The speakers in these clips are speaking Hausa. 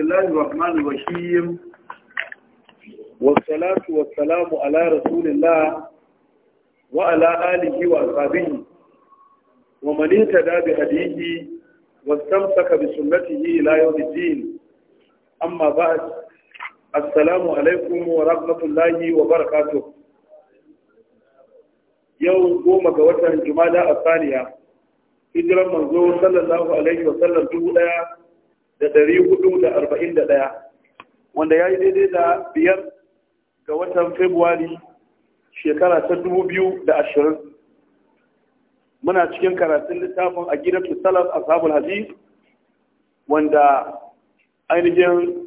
الله الرحمن الرحيم والصلاة والسلام على رسول الله وعلى آله وأصحابه ومن اهتدى بهديه واستمسك بسنته إلى يوم الدين أما بعد السلام عليكم ورحمة الله وبركاته يوم قوم قوة الجمالة الثانية hijiran منظور صلى الله عليه وسلم dubu da ɗari hudu da arba'in da ɗaya wanda ya yi daidai da biyar ga watan februari shekara ta dubu biyu da ashirin muna cikin karatun littafin a gidan salaf ashabul haji wanda ainihin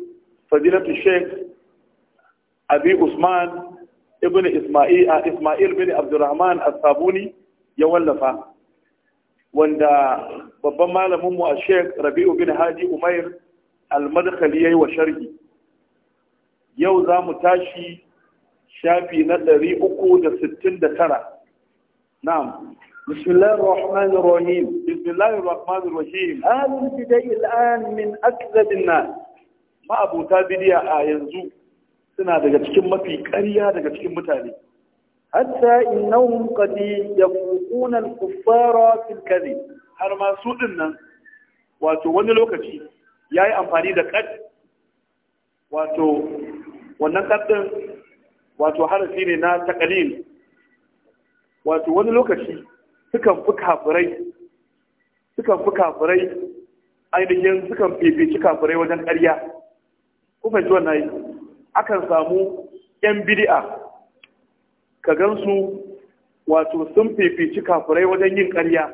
fadilatu sheikh abi usman ibn isma'il bin abdurrahman as-sabuni ya wallafa wanda babban malamin mu a Sheikh Rabi'u bin Hadi Umair al-Madkhali yayi wa sharhi yau za mu tashi shafi na 369 na'am بسم الله الرحمن الرحيم بسم الله الرحمن الرحيم أهل البدع الآن من أكذب الناس ما bidiya تابديا yanzu suna daga cikin mafi ƙarya daga cikin mutane hatta innahum qad yafuquna al-kuffara fil kadhib har ma su dinnan wato wani lokaci yayi amfani da kad wato wannan kad din wato harafi ne na taqlil wato wani lokaci sukan fi kafirai sukan fi kafirai ainihin sukan fifici kafirai wajen ƙarya ku fahimci wannan akan samu yan bid'a ka gan su, wato sun fifici kafirai wajen yin karya,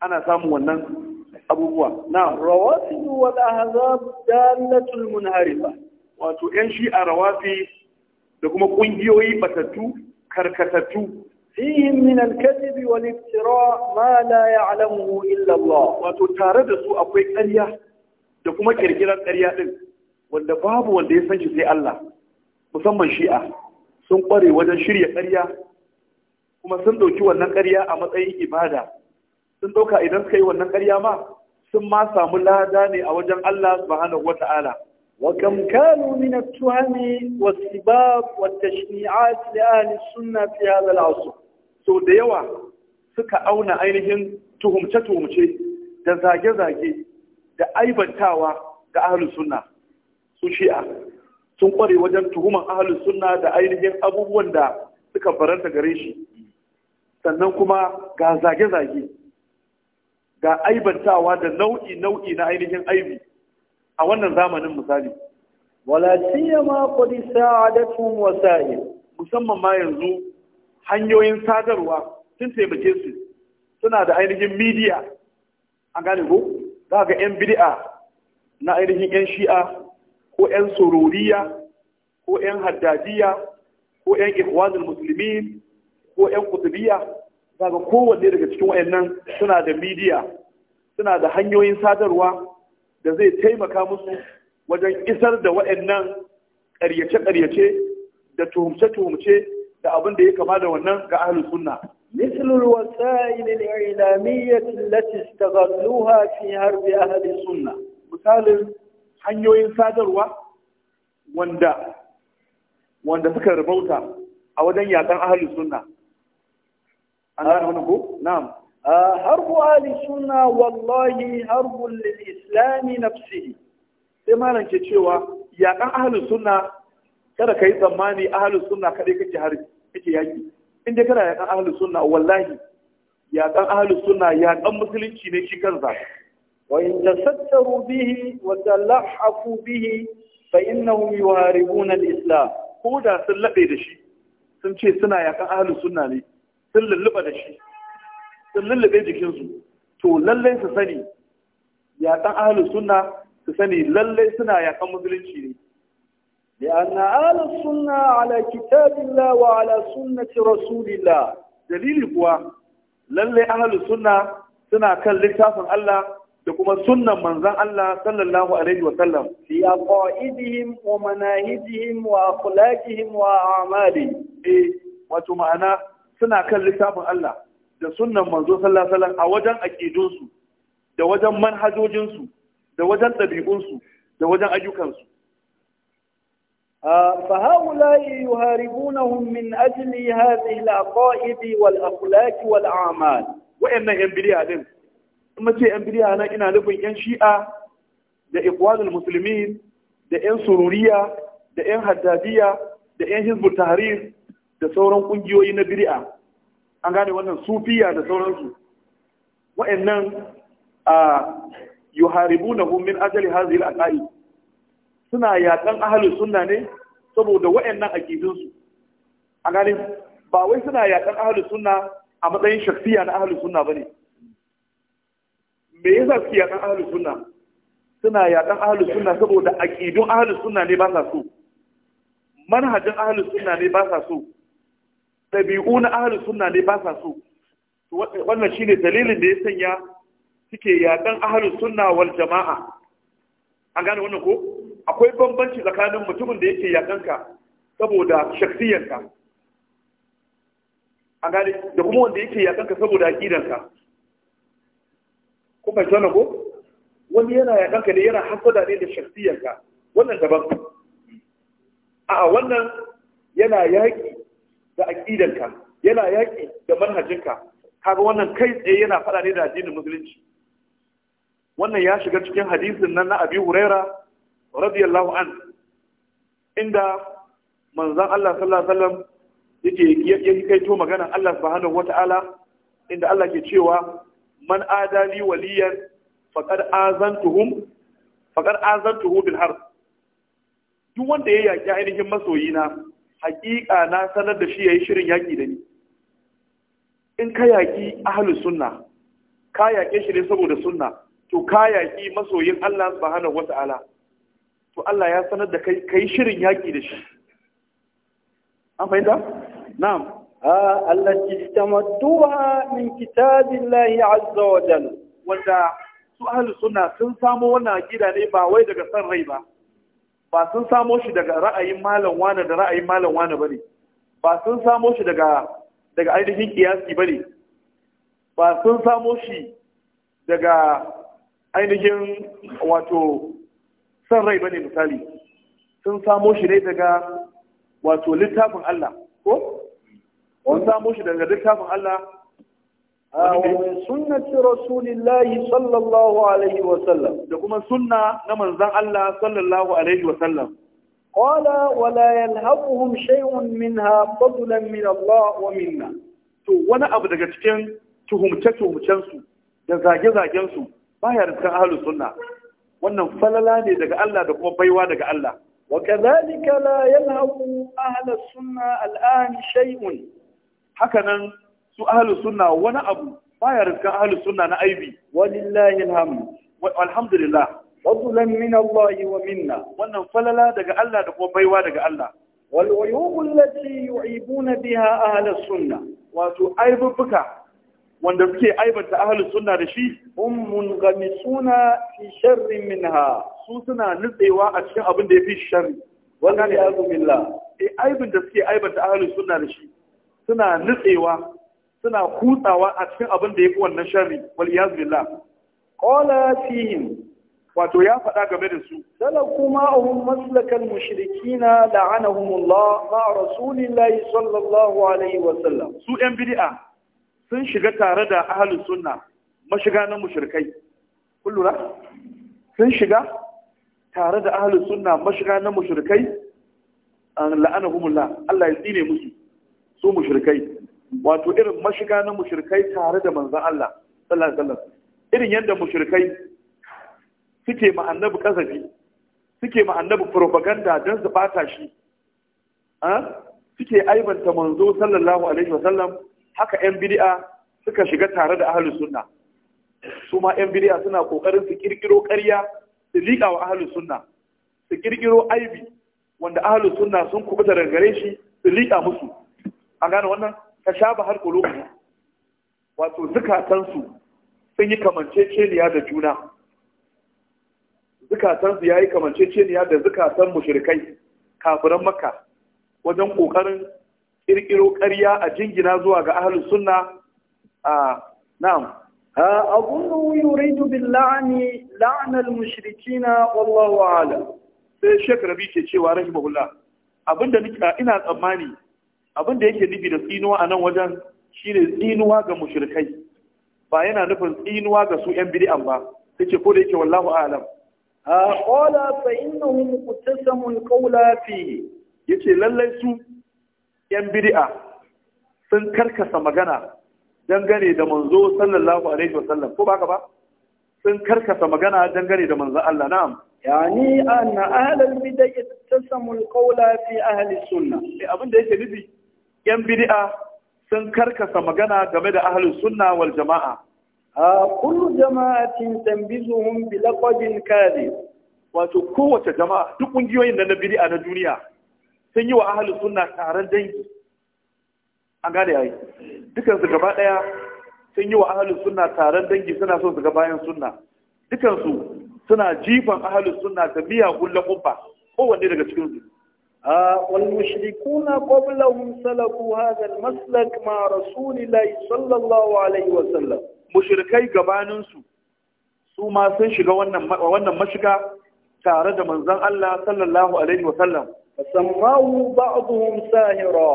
ana samun wannan abubuwa na rawasi wal ahzab dalatul munharifa wato yan shi'a rawafi da kuma kungiyoyi batattu karkatattu fihim min al-kadhib wal iftira ma la ya'lamuhu illa Allah wato tare da su akwai ƙarya da kuma kirkirar ƙarya din wanda babu wanda ya san shi sai Allah musamman shi'a sun kware wajen shirya ƙarya kuma sun ɗauki wannan ƙarya a matsayin ibada sun ɗauka idan suka yi wannan ƙarya ma sun ma samu lada ne a wajen Allah subhanahu wa ta'ala wa kam kanu min at-tuhami was-sibab wat-tashni'at li ahli sunnah fi hadha al-'asr so da yawa suka auna ainihin tuhumce-tuhumce da zage-zage da aibantawa ga ahli sunnah su shi'a sun kware wajen tuhuman ahalin sunna da ainihin abubuwan da suka faranta gare shi sannan kuma ga zage-zage ga aibantawa da nau'i-nau'i na ainihin aibi a wannan zamanin misali wala musamman ma yanzu hanyoyin sadarwa sun taimake su suna da ainihin midiya A gane ko za ga yan bid'a na ainihin yan shi'a ko 'yan sororiya ko 'yan haddadiya ko 'yan ikhwanul muslimin ko 'yan kutubiya daga kowanne daga cikin wayannan suna da midiya suna da hanyoyin sadarwa da zai taimaka musu wajen isar da wayannan ƙaryace-ƙaryace da tuhumce-tuhumce da abin da ya kama da wannan ga ahlus sunna مثل الوسائل الإعلامية التي استغلوها في هرب أهل السنة مثال hanyoyin sadarwa wanda wanda suka rubuta a wajen yakan ahalin sunna an gane wani ko na'am ah, harbu ahli sunna wallahi harbu lil islami nafsihi sai malam ke cewa yakan ahalin sunna kada ka yi tsammani ahalin sunna kadai kake har kake yaki in dai kana yakan ahalin sunna wallahi yakan ahalin sunna yakan musulunci ne shi kansa وإن تستروا به وتلحفوا به فإنهم يهاربون الإسلام كودا سلبي دشي سنشي سنة يا أهل السنة لي سلبي دشي سلبي دشي to lallai su sani yakan ahalus sunna su sani lallai suna yakan musulunci ne لأن أهل السنة على كتاب الله وعلى سنة رسول الله دليل قوة للي أهل السنة سنة كان لكتاب الله da kuma sunnan manzan Allah sallallahu alaihi wa sallam fi aqaidihim wa manahijihim wa akhlaqihim wa a'malihim eh wato ma'ana suna kan littafin Allah da sunnan manzo sallallahu alaihi wa sallam a wajen aqidunsu da wajen manhajojinsu da wajen ɗabi'unsu da wajen ayyukansu فهؤلاء يهاربونهم من أجل هذه العقائد والأخلاق والأعمال وإن ينبري din. in ce yan bidiya na ina nufin yan shi'a da ikhwanul muslimin da yan sururiya da yan haddadiya da yan hizbul tahrir da sauran kungiyoyi na bid'a an gane wannan sufiya da sauransu wa'annan a yuharibunahum min ajali hadhihi al-aqaid suna yakan ahli sunna ne saboda wa'annan aqidun su an gane ba wai suna yakan ahli sunna a matsayin shakhsiya na ahli sunna bane me yasa su yakan ahalus suna suna yakan ahalus suna saboda aƙidun ahalus suna ne ba sa so manhajin ahalus suna ne ba sa so Ɗabi'u na ahalus suna ne ba sa so wannan shine dalilin da ya sanya suke yaƙan ahalus suna wal jama'a an gane wannan ko akwai bambanci tsakanin mutumin da yake yaƙan ka saboda shaksiyanka an gane da kuma wanda yake yaƙan ka saboda aƙidanka. kuma fahimci ko wani yana ya ɗanka ne yana hasada ne da shafiyarka. wannan daban a wannan yana yaƙi da aƙidanka yana yaƙi da manhajinka kaga wannan kai tsaye yana faɗa ne da addinin musulunci wannan ya shiga cikin hadisin nan na abi huraira radiyallahu an inda manzon Allah sallallahu alaihi wasallam yake yake kai to magana Allah subhanahu wataala inda Allah ke cewa man adali waliyan faqad azantuhum faqad azantuhu bil harb duk wanda ya yaƙi ainihin masoyina hakika na sanar da shi yayi shirin yaƙi da ni in ka yaƙi ahlus sunna ka yaƙe shi ne saboda sunna to ka yaƙi masoyin Allah subhanahu wata'ala to Allah ya sanar da kai kai shirin yaƙi da shi an fahimta na'am آه التي استمدوها من كتاب الله عز وجل وذا سؤال سنة سنسامو وانا أكيد أن إبا ويدا قصر ريبا ba sun samo shi daga ra'ayin malam wani da ra'ayin malam wani bane ba sun samo shi daga daga ainihin kiyasi bane ba sun samo shi daga ainihin wato san rai bane misali sun samo shi ne daga wato littafin Allah ko Wani samu shi daga littafin Allah. Ah, wani sunnati Rasulillahi sallallahu alaihi wa sallam. Da kuma sunna na manzan Allah sallallahu alaihi wa sallam. Qala wala yalhaquhum shay'un minha fadlan min Allah wa minna. To wani abu daga cikin tuhumce-tuhumcensu da zage-zagensu baya riskan ahlus sunna. Wannan falala ne daga Allah da kuma baiwa daga Allah. وكذلك لا يلهب أهل السنة الآن شيء Hakanan su ahlus sunna wani abu baya rizkan ahlus sunna na aibi walillahi alhamdu alhamdulillah fadlan min Allah wa minna wannan falala daga Allah da kuma baiwa daga Allah wal uyub allati yu'ibuna biha ahlus sunna wato aibubuka wanda suke aibanta ahlus sunna da shi hum munghamisuna fi sharrin minha su suna nutsewa a cikin abin da yafi sharri wannan ya billah eh aibin da suke aibanta ahlus sunna da shi suna nutsewa suna kutsawa a cikin abin da ya fi wannan sharri wal iyaz billah qala fihim wato ya faɗa game da su salaku ma'ahum maslakan mushrikina la'anahumullah ma'a rasulillahi sallallahu alaihi wa sallam su yan bid'a sun shiga tare da ahlus sunna mashiga na mushrikai kun sun shiga tare da ahlus sunna mashiga na mushrikai la'anahumullah Allah ya tsine musu su mushrikai wato irin mashiga na mushrikai tare da manzon Allah sallallahu alaihi wasallam irin yadda mushrikai suke ma annabi kasafi suke ma annabi propaganda don su bata shi suke aibanta manzo sallallahu alaihi wasallam haka yan bid'a suka shiga tare da ahlus sunna su ma yan bid'a suna kokarin su kirkiro ƙarya su liƙa wa ahlus sunna su kirkiro aibi wanda ahlus sunna sun kubuta daga gare shi su liƙa musu an gane wannan ta sha ba har kulubu wato zukatansu sun yi kamanceceniya da juna zukatansu ya yi kamanceceniya da zukatan mushrikai kafiran makka wajen kokarin kirkiro ƙarya a jingina zuwa ga ahlus sunna a na'am dubin la'ani la'anar لعن na والله ala sai shekara bi ke cewa rahimahullah abinda nika ina tsammani abin da yake nufi da tsinuwa a nan wajen shi ne tsinuwa ga mushrikai ba yana nufin tsinuwa ga su yan bid'an ba ta ko da yake wallahu a'lam a qala fa samun kawu qawla fi ce lallai su yan a, sun karkasa magana dangane da manzo sallallahu alaihi wasallam ko baka ba sun karkasa magana dangane da manzo Allah na'am yani anna ahlul bid'ah tasamul qawla fi ahli sunnah eh abin da yake nufi yan bid'a sun karkasa magana game da ahlus sunna wal jama'a a kullu jama'atin tanbizuhum bi laqabin kadhib wato kowace jama'a duk kungiyoyin da na bid'a na duniya sun yi wa ahlus sunna taron dangi an gane ayi. dukan su gaba daya sun yi wa ahlus sunna taron dangi suna so su ga bayan sunna dukan su suna jifan ahlus sunna da miyagun laƙumba kowanne daga cikin su والمشركون قبلهم سلكوا هذا المسلك مع رسول الله صلى الله عليه وسلم مشركي gabaninsu su ma sun shiga wannan mashiga tare da manzon Allah sallallahu alaihi wa wasallam fasammahu ba'dhum sahira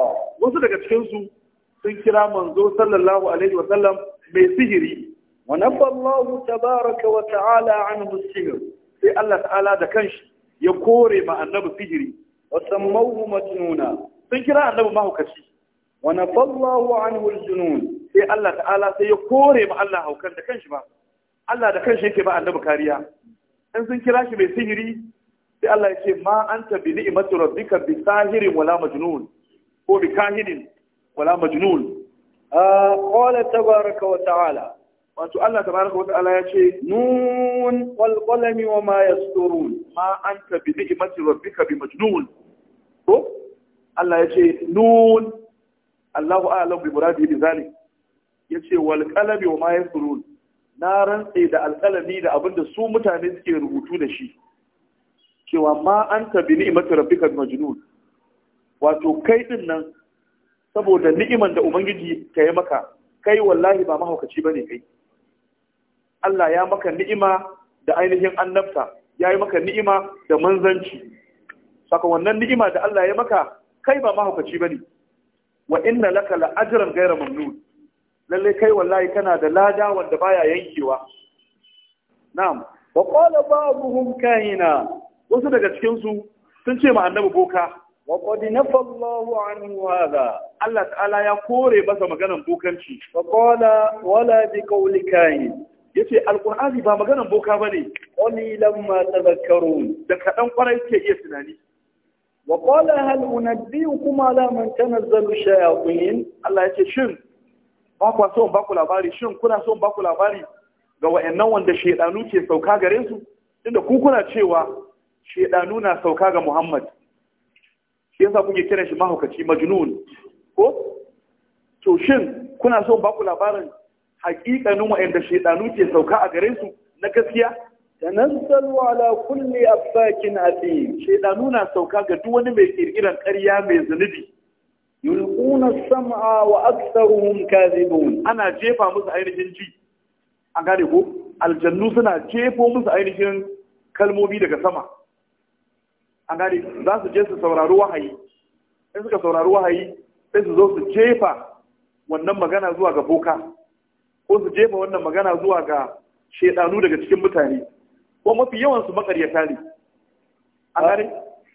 wasu daga cikin su sun kira manzo sallallahu alaihi wa sallam mai sihiri wa nafallahu tabaraka wa ta'ala anhu sihir sai Allah ta'ala da kanshi ya kore ma annabi sihiri Wasan sammahu majnuna sun kira annabi mahaukaci wa nafallahu anhu aljunun sai Allah ta'ala sai ya kore ma Allah haukan da kanshi ba Allah da kanshi yake ba annabi kariya in sun kira shi mai sihiri sai Allah ya ce ma anta bi ni'mati rabbika bi sahirin wala majnun ko bi kahinin wala majnun ah, qala tabaraka wa ta'ala wato Allah tabaraka wata'ala ya ce nun wal qalami wa ma yasturun ma anta bi ni'mati rabbika bi majnun to Allah ya ce nun Allahu a'lam bi muradi bi zalik ya ce wal qalami wa ma yasturun na rantse da alƙalami da abin da su mutane suke rubutu da shi cewa ma anta bi ni'mati rabbika bi majnun wato kai din nan saboda ni'iman da ubangiji ka yi maka kai wallahi ba mahaukaci bane kai Allah ya maka ni'ima da ainihin annabta ya yi maka ni'ima da manzanci saka wannan ni'ima da Allah ya maka kai ba mahaukaci ba ne wa inna laka la ajran ghayra mamnun lalle kai wallahi kana da lada wanda baya yankewa na'am wa qala ba'dhum kahina wasu daga cikin su sun ce ma annabi boka wa qad nafa Allahu anhu hadha Allah ta'ala ya kore masa maganar bokanci wa qala wala bi qawli kahin yace alqur'ani ba maganan boka bane wani lamma tadhakkarun da kadan kwarai ke iya tunani wa qala hal unabbiukum ala man tanazzalu shayatin Allah yace shin ba kwa so ba ku labari shin kuna so ba ku labari ga wayannan wanda shaidanu ke sauka gare su inda ku kuna cewa shaidanu na sauka ga Muhammad shi yasa kuke kiran shi mahaukaci majnun ko to shin kuna so ba ku labarin haƙiƙanin wa'anda shaidanu ke sauka a gare su na gaskiya tanazzalu ala kulli affakin athim shaidanu na sauka ga duk wani mai ƙirƙirar ƙarya mai zunubi yulquna sam'a wa aktharuhum kadhibun ana jefa musu ainihin ji an gane ko aljannu suna jefo musu ainihin kalmomi daga sama an gane za su je su saurari wahayi in suka saurari wahayi sai su zo su jefa wannan magana zuwa ga boka ko su jefa wannan magana zuwa ga shaidanu daga cikin mutane ko mafi yawan su makaryata ne a gare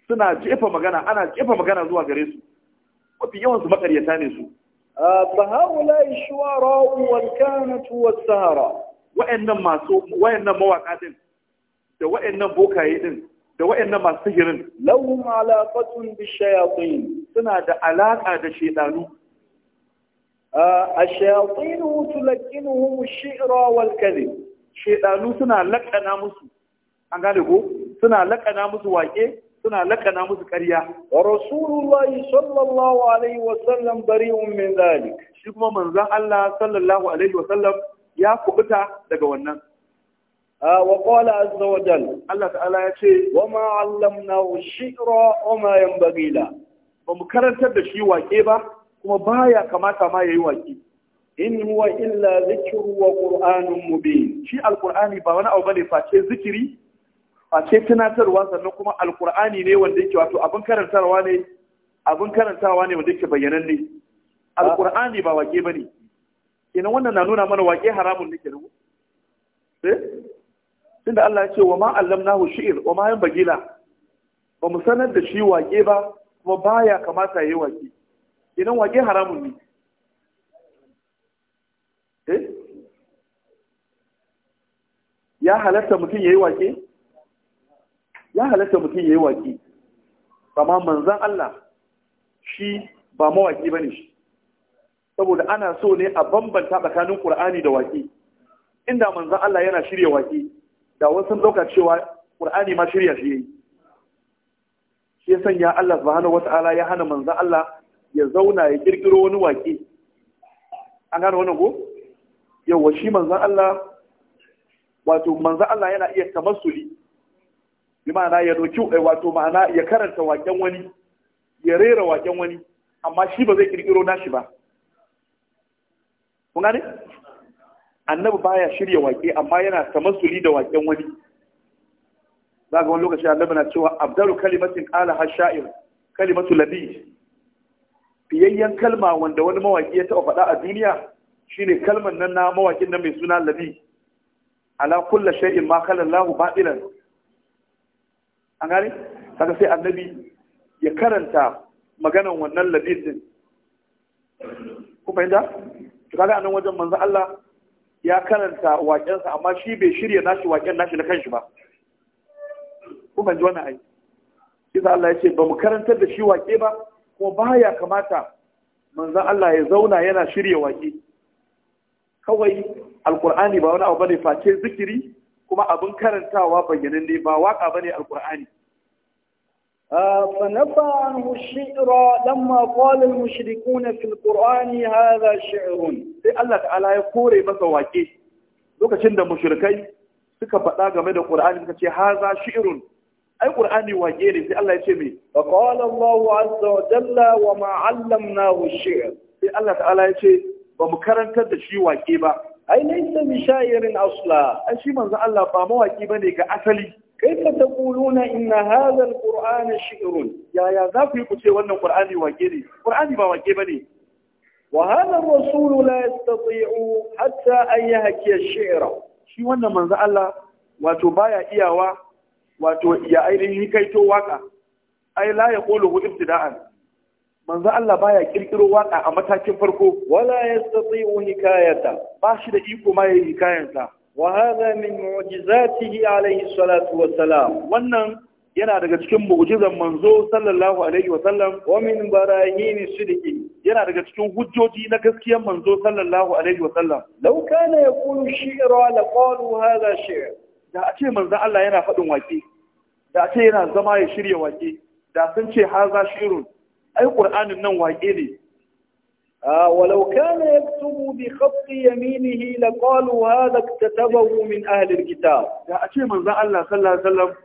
suna jefa magana ana jefa magana zuwa gare su mafi yawan su makaryata ne su fa haula ishwara wal kanat was sahara wa'annan masu wa'annan mawaka din da wa'annan bokaye din da wa'annan masu sihirin lahum alaqatun bishayatin suna da alaka da shaidanu ashayatinu tulakinuhum shi'ra wal kadhib shaytanu suna lakana musu an gane ko suna lakana musu wake suna lakana musu ƙarya wa rasulullahi sallallahu alaihi wa sallam bari'un min zalik shi kuma manzon Allah sallallahu alaihi wa sallam ya kubuta daga wannan wa qala azza wa jalla Allah ta'ala ya ce wa ma 'allamnahu shi'ra wa ma yanbaghi la ba mu karantar da shi wake ba kuma baya kamata ma yayi waki in huwa illa zikru wa qur'anun mubin shi alqur'ani ba wani abu bane face zikiri face tunatarwa sannan kuma alqur'ani ne wanda yake wato abin karantarwa ne abin karantawa ne wanda yake bayyananne alqur'ani ba wake bane Ina wannan na nuna mana wake haramun ne kenan eh tunda Allah ya ce wa ma allamnahu shi'r wa ma yanbagila ba mu sanar da shi wake ba kuma baya kamata yayi wake idan wake haramun ne eh? ya halatta mutum ya yi wake? ya halatta mutum ya yi wake amma manzan Allah shi ba mawaki ba ne shi saboda ana so ne a bambanta tsakanin ƙur'ani da waƙe, inda manzan Allah yana shirya wake da wasu ɗauka cewa ƙur'ani ma shirya shi yi shi ya sanya Allah subhanahu wata'ala ya hana manzan Allah ya zauna ya kirkiro wani waƙe an gane wannan ko yawa shi manzan Allah wato manzan Allah yana iya tamassuli bi ma'ana ya doki eh, wato ma'ana ya karanta waken wani ya rera waken wani amma shi ba zai kirkiro nashi ba kun gane annabi baya shirya waƙe amma yana tamassuli da waken wani za ga wani lokaci annabi na cewa abdalu kalimatin qala hasha'ir kalimatu labid fiyayyen kalma wanda wani mawaki ya taɓa faɗa a duniya shine kalmar nan na mawakin nan mai suna labi ala kulla shay'in ma kala Allahu batilan an gane kaga sai annabi ya karanta maganan wannan labin din ku fahimta to kaga anan wajen manzo Allah ya karanta sa amma shi bai shirya nashi waken nashi na kanshi ba ku fahimci wannan ai kisa Allah ya ce ba mu karantar da shi waƙe ba ko baya kamata manzan Allah ya zauna yana shirya wake. kawai Alƙur'ani ba wani abu bane face zikiri kuma abin karantawa bayyanan ne ba waka bane alkur'ani فنفى عنه الشعر لما قال المشركون في القرآن هذا shirun. sai Allah ta'ala ya kore masa waƙe lokacin da mushrikai suka faɗa game da Qur'ani suka ce haza shi'run ai qur'ani wage ne sai Allah ya ce me fa qala Allahu azza wa jalla wa ma 'allamnahu shi'r sai Allah ta'ala ya ce ba mu karantar da shi waƙe ba ai laysa bi sha'irin asla ai shi manzo Allah ba mawaki bane ga asali Kai ka taquluna inna hadha alquran shi'run ya ya za ku yi ku ce wannan qur'ani wake ne qur'ani ba wake bane وهذا الرسول لا يستطيع حتى أن يهكي الشعر Shi wannan manzo Allah wato baya iyawa wato ya ainihin kaito waka ai la ya qulu hu ibtida'an manzo Allah baya kirkiro waka a matakin farko wala yastati'u hikayata ba shi da iko ma yayi hikayansa wa hadha min mu'jizatihi alayhi salatu wa salam wannan yana daga cikin mu'jizan manzo sallallahu alaihi wa sallam wa min barahin sidqi yana daga cikin hujjoji na gaskiyar manzo sallallahu alaihi wa sallam law kana yaqulu shi'ra la qalu hadha shi'r da a ce manzo Allah yana faɗin waƙe da ce yana zama ya shirya waƙe da sun ce har za shirun ai ƙur'anin nan waƙe ne ولو كان يكتب بخط يمينه لقالوا هذا اكتتبه من أهل الكتاب da a ce manzon Allah sallallahu alaihi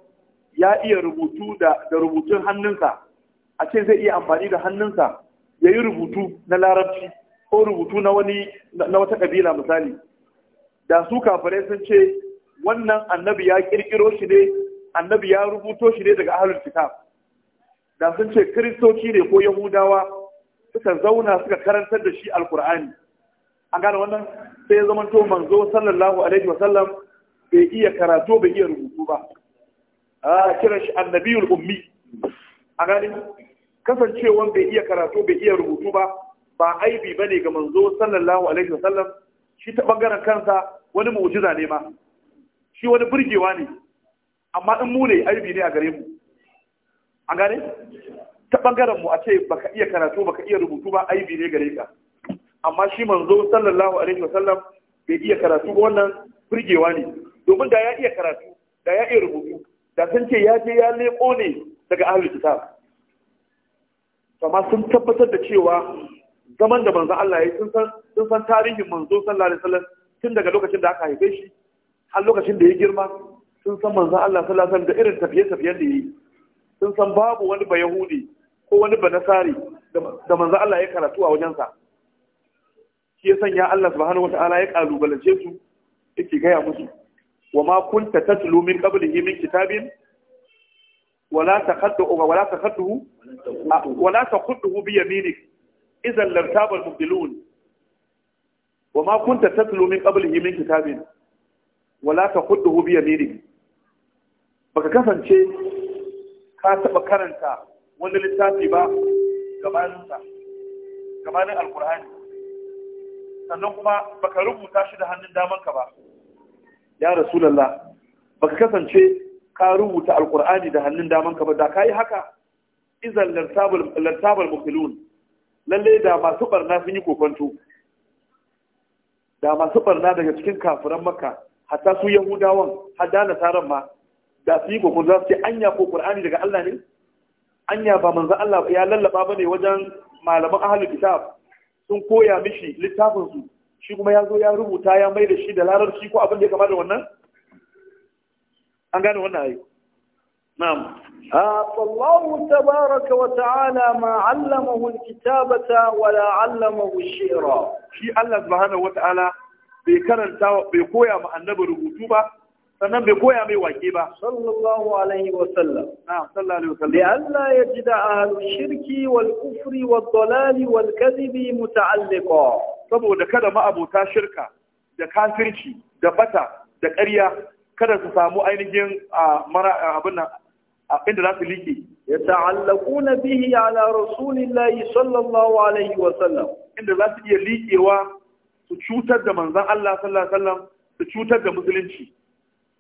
ya iya rubutu da rubutun hannunsa a ce zai iya amfani da hannunsa ya yi rubutu na larabci ko rubutu na wani na wata kabila misali da su kafirai sun ce wannan annabi ya ƙirƙiro shi ne annabi ya rubuto shi ne daga ahlul kitab da sun ce Kiristoci ne ko yahudawa suka zauna suka karantar da shi alkur'ani an gane wannan sai ya zamanto manzo sallallahu alaihi wasallam bai iya karatu bai iya rubutu ba a kiran shi annabiyul ummi a gane kasancewan bai iya karatu bai iya rubutu ba ba aibi ne ga manzo sallallahu alaihi wasallam shi ta bangaren kansa wani mu'jiza ne ma shi wani burgewa ne amma in mu ne aibi ne a gare mu A gane ta bangaren mu a ce baka iya karatu baka iya rubutu ba aibi ne gare ka amma shi manzo sallallahu alaihi wasallam bai iya karatu ba wannan firgewa ne domin da ya iya karatu da ya iya rubutu da sun ce ya je ya leko ne daga ahlul kitab amma sun tabbatar da cewa zaman da manzo Allah ya sun san sun san tarihin manzo sallallahu alaihi wasallam tun daga lokacin da aka haife shi har lokacin da ya girma sun san manzon Allah sallallahu alaihi da irin tafiye-tafiyen da yi sun san babu wani ba Yahudi ko wani ba Nasari da manzon Allah ya karatu a wajensa shi ya sanya Allah subhanahu wataala ya kalubalance su yake gaya musu wa ma kunta tatlu min qablihi min kitabin wala takhadduhu wala takhadduhu wala takhudduhu bi yaminik idan lam tabal mubdilun wa ma kunta tatlu min qablihi min kitabin wala takhudduhu bi yaminik baka kasance ka taɓa karanta wani littafi ba gabaninsa gabanin alkur'ani sannan kuma baka rubuta shi da hannun damanka ba ya rasulallah baka kasance ka rubuta alkur'ani da hannun damanka ba da ka yi haka izan lantabar mukilun lalle da masu barna sun yi kokonto da masu barna daga cikin kafiran makka hatta su yahudawan Hada da nasaran ma da su yi kokon za su ce anya ko ƙur'ani daga Allah ne anya ba manzo Allah ya lallaba ne wajen malaman ahalin kitab sun koya mishi littafin su shi kuma ya zo ya rubuta ya mai da shi da larabci ko abin da ya kama da wannan an gane wannan ayi نعم فالله تبارك وتعالى ما علمه الكتابة ولا علمه الشعر شيء الله سبحانه وتعالى bai karanta bai koya ma annabi rubutu ba sannan bai koya mai wake ba sallallahu alaihi wa sallam na'am sallallahu alaihi wa sallam ji yajida ahlu shirki wal kufri wad dalali wal kadhibi muta'alliqa saboda kada ma'abota shirka da kafirci da bata da ƙarya kada su samu ainihin abin nan inda za su liƙe ya ta'allaku na bihi ala rasulillahi sallallahu alaihi wa sallam inda za su iya liƙewa su cutar da manzan Allah sallallahu alaihi wa su cutar da musulunci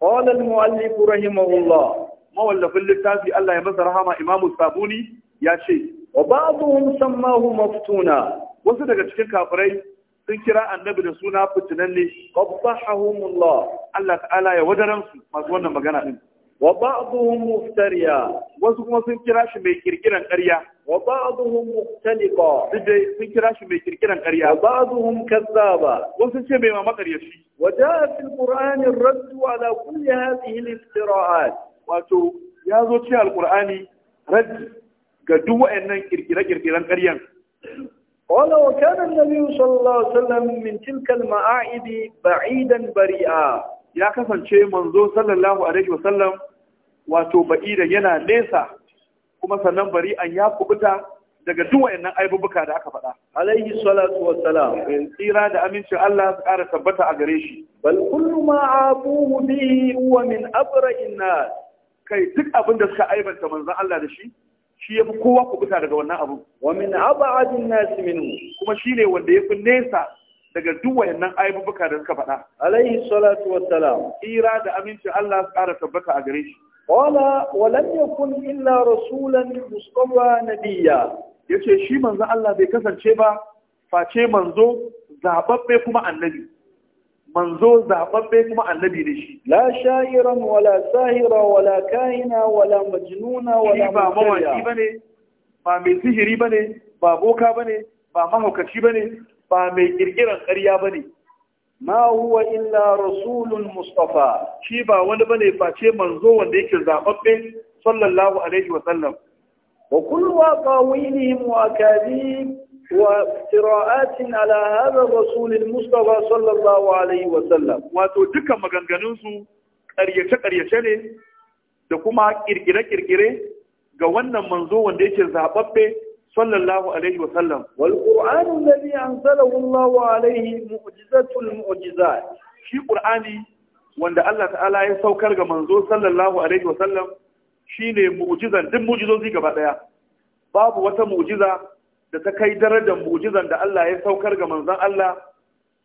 قال المؤلف رحمه الله مولف اللتافي الله يمس رحمه إمام الصابوني يا شيء وبعضهم سماه مفتونا wasu daga cikin kafirai sun kira annabi da suna fitinanne qabbahumullah Allah ta'ala ya wadaran su masu wannan magana din wa ba'dhum muftariya wasu kuma sun kira shi mai kirkiran ƙarya wa ba'dhum muhtaliqa dai sun kira shi mai kirkiran ƙarya wa ba'dhum kazzaba wasu ce mai mama ƙarya shi wa ja'a fil qur'ani radd ala kulli hadhihi al iftira'at wato ya zo cikin alqur'ani radd ga duk ƙaryan قال وكان النبي صلى الله عليه وسلم من تلك المعائد بعيدا بريئا يا كفن شيء منذ صلى الله عليه وسلم وتوبئيدا ينا نيسا kuma sannan bari an ya kubuta daga duk wayannan aibubuka da aka faɗa alaihi salatu wassalam in tsira da amincin Allah su ƙara tabbata a gare shi bal kullu ma abuhu bihi huwa min abra'in nas kai duk abin da suka aibanta manzon Allah da shi shi ya fi kowa kubuta daga wannan abu wa min abadin nas minhu kuma shi ne wanda ya fi nesa daga duk wayannan aibubuka da suka faɗa alaihi salatu salam! tsira da amincin Allah su ƙara tabbata a gare shi Wala walam yakun illa rasulan mustafa nabiyya yace shi manzo Allah bai kasance ba face manzo zababbe kuma annabi manzo zababbe kuma annabi ne shi la sha'iran wala sahira wala kahina wala majnuna wala ba mawaki bane ba mai sihiri bane ba boka bane ba mahaukaci bane ba mai kirkiran ƙarya bane ma huwa illa rasulun mustafa shi ba wani bane face manzo wanda yake zababbe sallallahu alaihi wa sallam wa kullu aqawilihim wa akadib wa qira'atin ala hadha rasul mustafa sallallahu alaihi wa sallam wato duka maganganun su ƙaryace ƙaryace ne da kuma kirkire kirkire ga wannan manzo wanda yake zababbe sallallahu alaihi wa sallam wal qur'an alladhi anzalahu Allah alaihi mu'jizatul mu'jizat shi qur'ani wanda Allah ta'ala ya saukar ga manzo sallallahu alaihi wa sallam shine mu'jizan duk mu'jizozi gaba daya babu wata mu'jiza da ta kai darajar mu'jizan da Allah ya saukar ga manzon Allah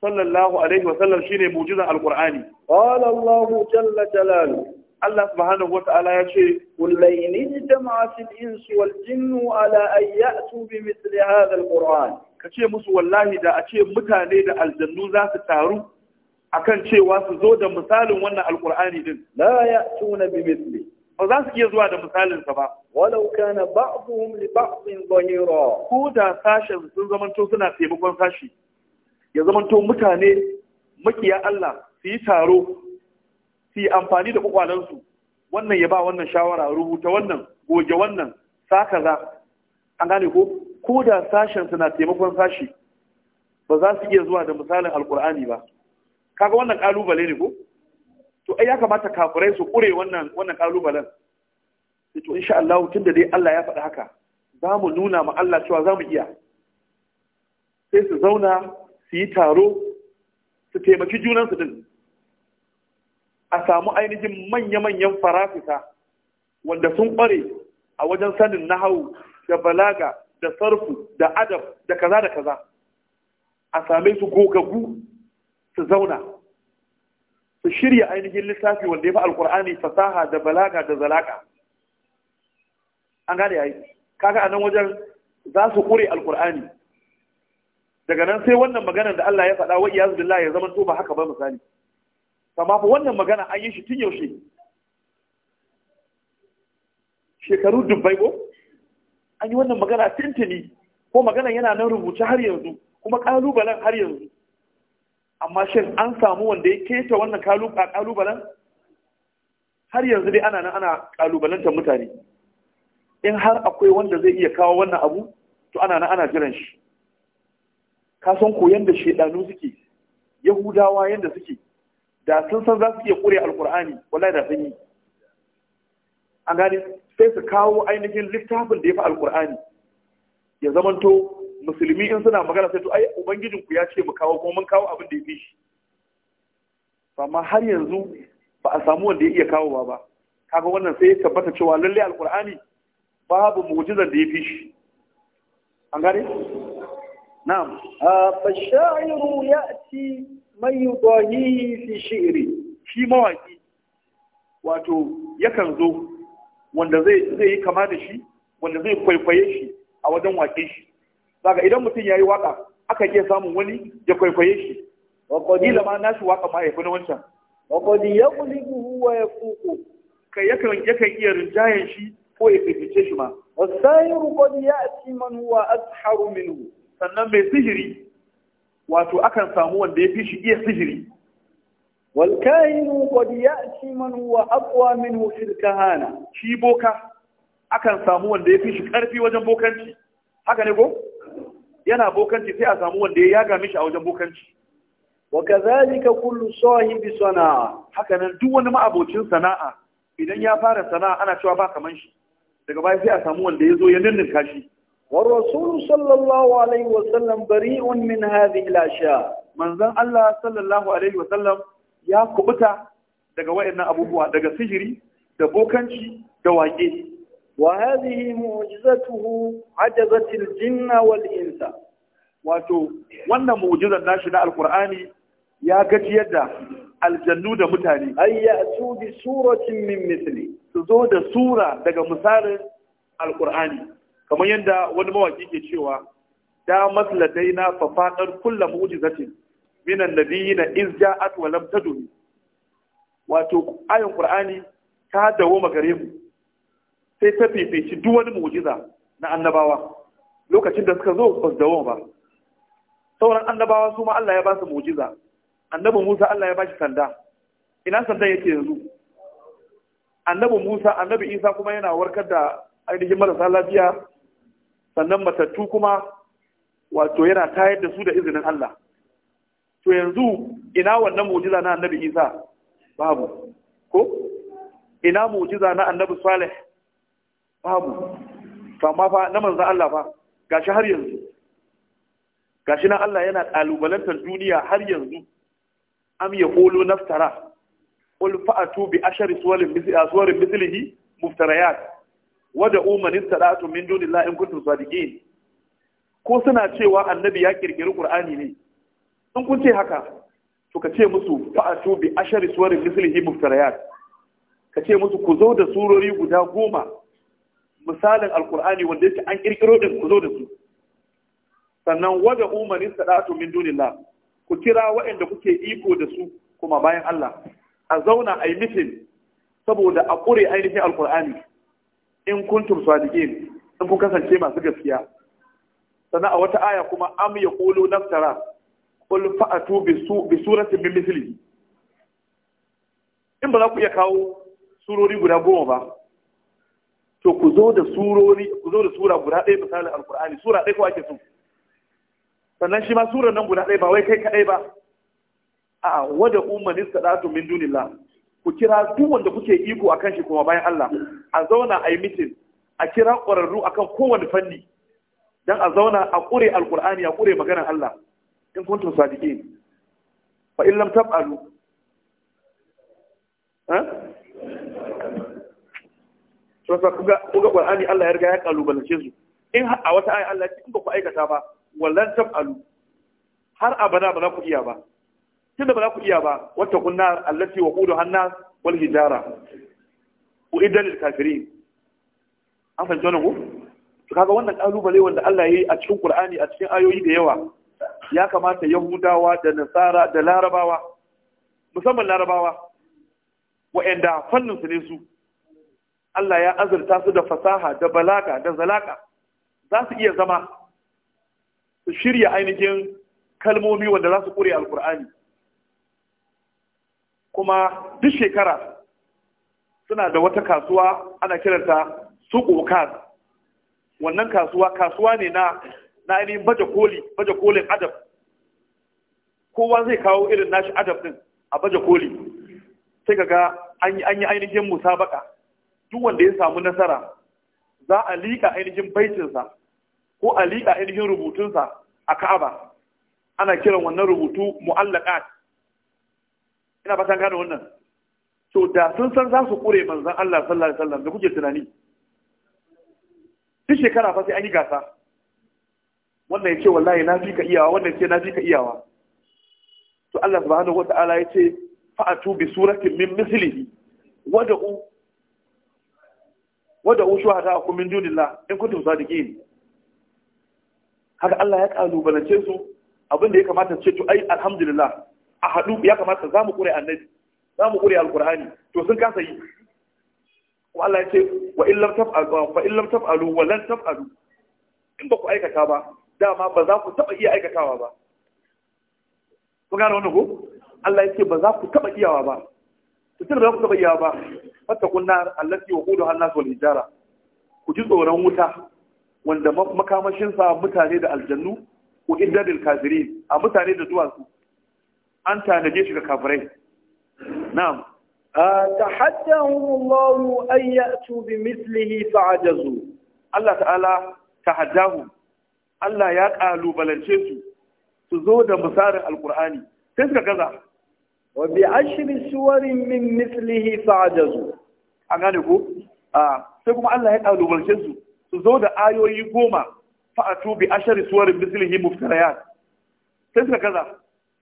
sallallahu alaihi wa sallam shine mu'jizan alqur'ani qala Allah jalla jalaluhu Allah subhanahu wata'ala ya ce kullain ijtama'a fil wal jinnu ala an bi misli hadha al Ka kace musu wallahi da a ce mutane da aljannu za su taru akan cewa su zo da misalin wannan alqur'ani din la ya'tuna bi misli. ba za su iya zuwa da misalin sa ba walau kana ba'dhum li ba'dhin dhahira ko da sashen sun zamanto suna taimakon sashi ya zamanto mutane makiya Allah su yi taro su yi amfani da kwakwalensu wannan ya ba wannan shawara rubuta wannan goge wannan sa kaza an gane ko ko da sashen suna taimakon sashi ba za su iya zuwa da misalin alkur'ani ba kaga wannan kalubale ne ko to ai ya kamata kafirai su kure wannan wannan kalubalen to insha Allah tun da dai Allah ya faɗi haka za mu nuna ma Allah cewa za mu iya sai su zauna su yi taro su taimaki junansu din a samu ainihin manya-manyan farafisa wanda sun ƙware a wajen sanin nahawu da balaga da sarfu da adab da kaza da kaza a same su gogagu su zauna su shirya ainihin lissafi wanda ya fi alkur'ani fasaha da balaga da zalaka an gane yayi kaga a nan wajen za su ƙure alkur'ani daga nan sai wannan maganar da Allah ya faɗa wa iyazu billahi ya zama to ba haka ba misali kama fa wannan magana an yi shi tun yaushe shekaru dubbai ko an yi wannan magana tintini ko magana yana nan rubuce har yanzu kuma kalubalen har yanzu amma shin an samu wanda ya keta wannan kalubalen har yanzu dai ana nan ana kalubalanta mutane in har akwai wanda zai iya kawo wannan abu to ana nan ana jiran shi ka san koyon da shaidanu suke yahudawa yadda suke da sun san za su iya ƙure alkur'ani wallahi da sun yi an gani sai su kawo ainihin littafin da ya fi alkur'ani ya zamanto musulmi in suna magana sai to ai ubangijin ku ya ce mu kawo kuma mun kawo abin da ya fi shi amma har yanzu ba a samu wanda ya iya kawowa ba kaga wannan sai ya tabbata cewa lalle alkur'ani babu mu'jizar da ya fi shi an gani na'am ah, fa ya ci man yi fi iri. shi mawaki wato yakan zo wanda zai yi kama da shi wanda zai kwaikwaye shi a wajen wake shi Daga idan mutum ya yi waka aka iya samun wani ya kwaikwaye shi da ma nashi waka ma yafi na wancan wakili ya kulibu wa ya kuku kai yakan yakan iya rinjayen shi ko ya fifice shi ma Wasu wasayiru ya ya'ti man a tsaharu minu sannan mai sihiri wato akan samu wanda ya fi shi iya sihiri wal kahinu qad ya'ti man huwa aqwa minhu fil kahana shi boka akan samu wanda ya fi shi karfi wajen bokanci haka ne ko yana bokanci sai a samu wanda ya yaga mishi a wajen bokanci wa kadhalika kullu sahibi sana'a haka nan duk wani ma'abocin sana'a idan ya fara sana'a ana cewa ba kaman shi daga baya sai a samu wanda ya zo ya ninninka shi والرسول صلى الله عليه وسلم بريء من هذه الأشياء من ذن الله صلى الله عليه وسلم يا كبتا daga wayannan abubuwa daga sihiri da bokanci da waƙe wa hadhihi mu'jizatuhu ajazat al-jinna wal insa wato wannan mu'jizar nashi na alqur'ani ya gaji yadda aljannu da mutane Ayya, su bi suratin min mithli su zo da sura daga misalin alqur'ani kamar yadda wani mawaki ke cewa da maslatai na fafadar kulla mu'jizatin minan nabiyyi na izja'at wa ta tadun wato ayan qur'ani ta dawo magare mu sai ta fifici duk wani mu'jiza na annabawa lokacin da suka zo ba su dawo ba sauran annabawa su ma Allah ya ba su mu'jiza annabi Musa Allah ya ba shi sanda ina sanda yake yanzu annabi Musa annabi Isa kuma yana warkar da ainihin marasa lafiya sannan matattu kuma wato yana tayar da su da izinin Allah to yanzu ina wannan mu'jiza na annabi Isa babu ko ina mu'jiza na annabi Salih babu to amma fa na manzon Allah fa gashi har yanzu gashi na Allah yana kalubalantar duniya har yanzu am ya holo naftara qul fa'atu bi ashari suwarin mithlihi muftariyat wada umman istada'tu min dunillahi in kuntum sadiqin ko suna cewa annabi ya kirkiri qur'ani ne in kun ce haka to ka ce musu fa'atu bi ashari suwarin mislihi muftariyat ka ce musu ku zo da surori guda goma misalin alqur'ani wanda yake an kirkiro din ku zo da su sannan wada umarin sadatu min dunillah ku kira waɗanda kuke iko da su kuma bayan Allah a zauna a yi mitin saboda a ƙure ainihin alkur'ani in kuntum sadiqin in kun kasance masu gaskiya sannan a wata aya kuma am yaqulu naftara qul fa'atu bi surati min mithli in ba za ku iya kawo surori guda goma ba to ku zo da surori ku zo da sura guda ɗaya misalin alqur'ani sura ɗaya ko ake so sannan shi ma surar nan guda ɗaya ba wai kai kaɗai ba a'a wada umman istadatu min dunillah ku kira duk wanda kuke iko a shi kuma bayan Allah a zauna a yi mitin a kira ƙwararru akan kowane fanni don a zauna a ƙure alƙur'ani a ƙure maganar Allah in kuntum sadiƙe ba in lam to kuga kuga Allah ya riga ya kalubalance su in a wata ayi Allah ya ce in ba ku aikata ba wallan tab'alu har abada ba za ku iya ba tunda ba za ku iya ba wata kunna allati wa qudu hanna wal hijara idan lil kafirin an fahimci wannan ku to kaga wannan kalubale wanda Allah yayi a cikin Qur'ani a cikin ayoyi da yawa ya kamata Yahudawa da Nasara da Larabawa musamman Larabawa wa'anda fannin su ne su Allah ya azurta su da fasaha da balaga da zalaka za su iya zama su shirya ainihin kalmomi wanda za su kure alkur'ani kuma duk shekara suna da wata kasuwa ana kiranta suku kas wannan kasuwa kasuwa ne na na ainihin baje koli baje kolin adab kowa zai kawo irin nashi adab din a baje koli sai ga an yi ainihin musabaka duk wanda ya samu nasara za a liƙa ainihin baitinsa ko a liƙa ainihin rubutunsa a ka'aba ana kiran wannan rubutu mu'allaqat ina fatan gane wannan to da sun san za su kure manzon Allah sallallahu alaihi wasallam da kuke tunani duk shekara fa sai an yi gasa wannan yace wallahi na fi ka iyawa wannan yace na fi ka iyawa to Allah subhanahu wata'ala yace fa'atu bi suratin min mislihi wad'u wad'u shuhada'akum min dunillah in kuntum sadiqin haka Allah ya kalubalance su abin da ya kamata ce to ai alhamdulillah a haɗu ya kamata za mu ƙure annabi za mu ƙure alƙur'ani to sun kasa yi ko Allah ya ce wa illam taf'alu fa illam taf'alu wa lan taf'alu in ba ku aikata ba dama ba za ku taɓa iya aikatawa ba kun gane wannan ko Allah ya ce ba za ku taɓa iyawa ba to tun da za ku taɓa iyawa ba fatta kunna allati waqudu hannas wal hijara ku ji tsoron wuta wanda makamashin sa mutane da aljannu ku iddadil kafirin a mutane da duwatsu an tanaje shi ga kafirai na'am tahaddahum Allah an ya'tu bi mislihi fa'ajazu Allah ta'ala tahaddahu Allah ya kalubalance su su zo da misalin alqur'ani sai suka gaza wa bi ashri suwarin min mislihi fa'ajazu an gane ko sai kuma Allah ya kalubalance su su zo da ayoyi goma fa'atu bi ashri suwarin mislihi muftariyat sai suka gaza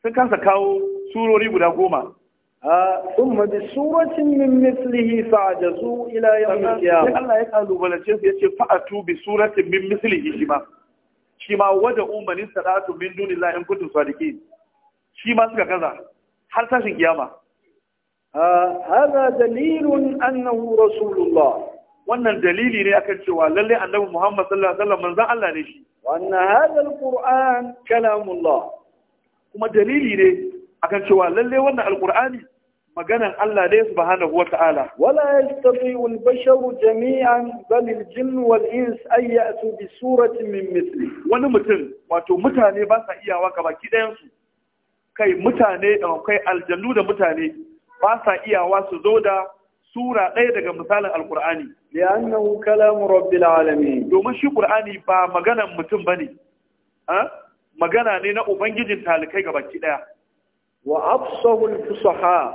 sun kansa kawo surori guda goma sun ah, mabi suratin min mislihi fa'ajazu ila yawmin qiyamah sai Allah ya kalubalance su yace fa'atu bi suratin min mislihi shi ma shi ma wada umanin sadatu min dunillahi in kuntum sadiqin shi ma suka kaza har tashin kiyama ah, haza dalilun annahu rasulullah wannan dalili ne akan cewa lallai annabi Muhammad sallallahu alaihi wasallam manzon Allah ne shi Wannan anna hadha alquran kalamullah kuma dalili ne akan cewa lalle wannan alkur'ani maganan Allah ne subhanahu wa ta'ala wala yastati'u al-basharu jami'an bal al-jinn wal ins ya'tu bi suratin min wani mutum wato mutane ba sa iyawa ga baki ɗayan kai mutane da eh, kai aljannu da mutane ba sa iyawa su zo da sura ɗaya daga misalin alkur'ani li'annahu kalamu rabbil alamin domin shi qur'ani ba maganan mutum bane ha ah? magana ne na ubangijin talikai ga baki ɗaya wa afsahul fusaha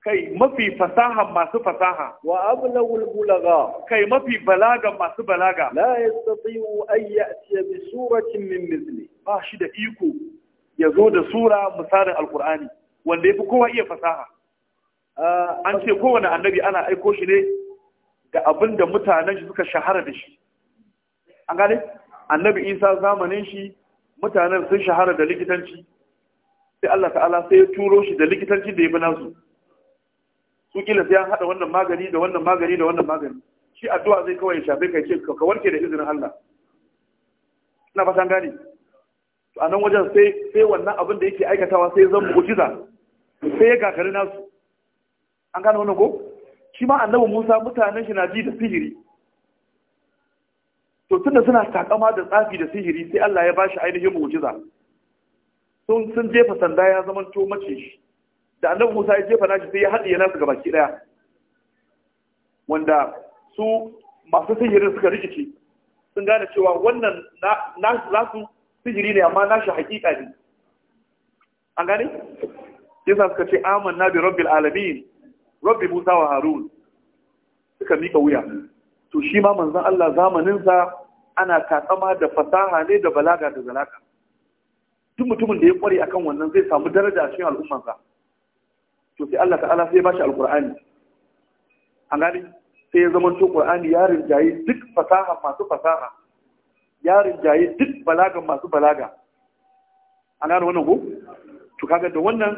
kai mafi fasaha masu fasaha wa ablagul bulaga kai mafi balaga masu balaga la yastati'u an ya'ti bi suratin min mithli ba shi da iko ya zo da sura misalin alƙur'ani wanda yafi kowa iya fasaha an ce kowane annabi ana aiko shi ne da abin da mutanen shi suka shahara da shi an gane annabi isa zamanin shi mutanen sun shahara da likitanci sai Allah ta'ala sai ya turo shi da likitanci da ya bi nasu su kila sai an haɗa wannan magani da wannan magani da wannan magani shi addu'a zai kawai shafe kai ce ka warke da izinin Allah ina fatan gane to a nan wajen sai sai wannan abin da yake aikatawa sai zan mu'jiza sai ya gagari nasu an gane wannan ko shi ma annabi Musa mutanen shi na ji da sihiri to tunda suna takama da tsafi da sihiri sai Allah ya bashi ainihin mu'jiza sun sun jefa sanda ya zama to mace shi da annabi Musa ya jefa nashi sai ya ya nasu gabaki baki ɗaya wanda su masu sihirin suka rikice sun gane cewa wannan su sihiri ne amma nashi hakika ne an gane yasa suka ce amanna bi rabbil alamin rabbi Musa wa Harun suka mika wuya to shi ma manzan Allah zamaninsa ana takama da fasaha ne da balaga da zalaka duk mutumin da ya kware akan wannan zai samu daraja a cikin al'ummansa. to sai Allah ta'ala sai ya bashi alkur'ani. an gani sai ya zama to qur'ani ya rinjaye duk fasaha masu fasaha ya rinjaye duk balaga masu balaga an gane wannan ko to kaga da wannan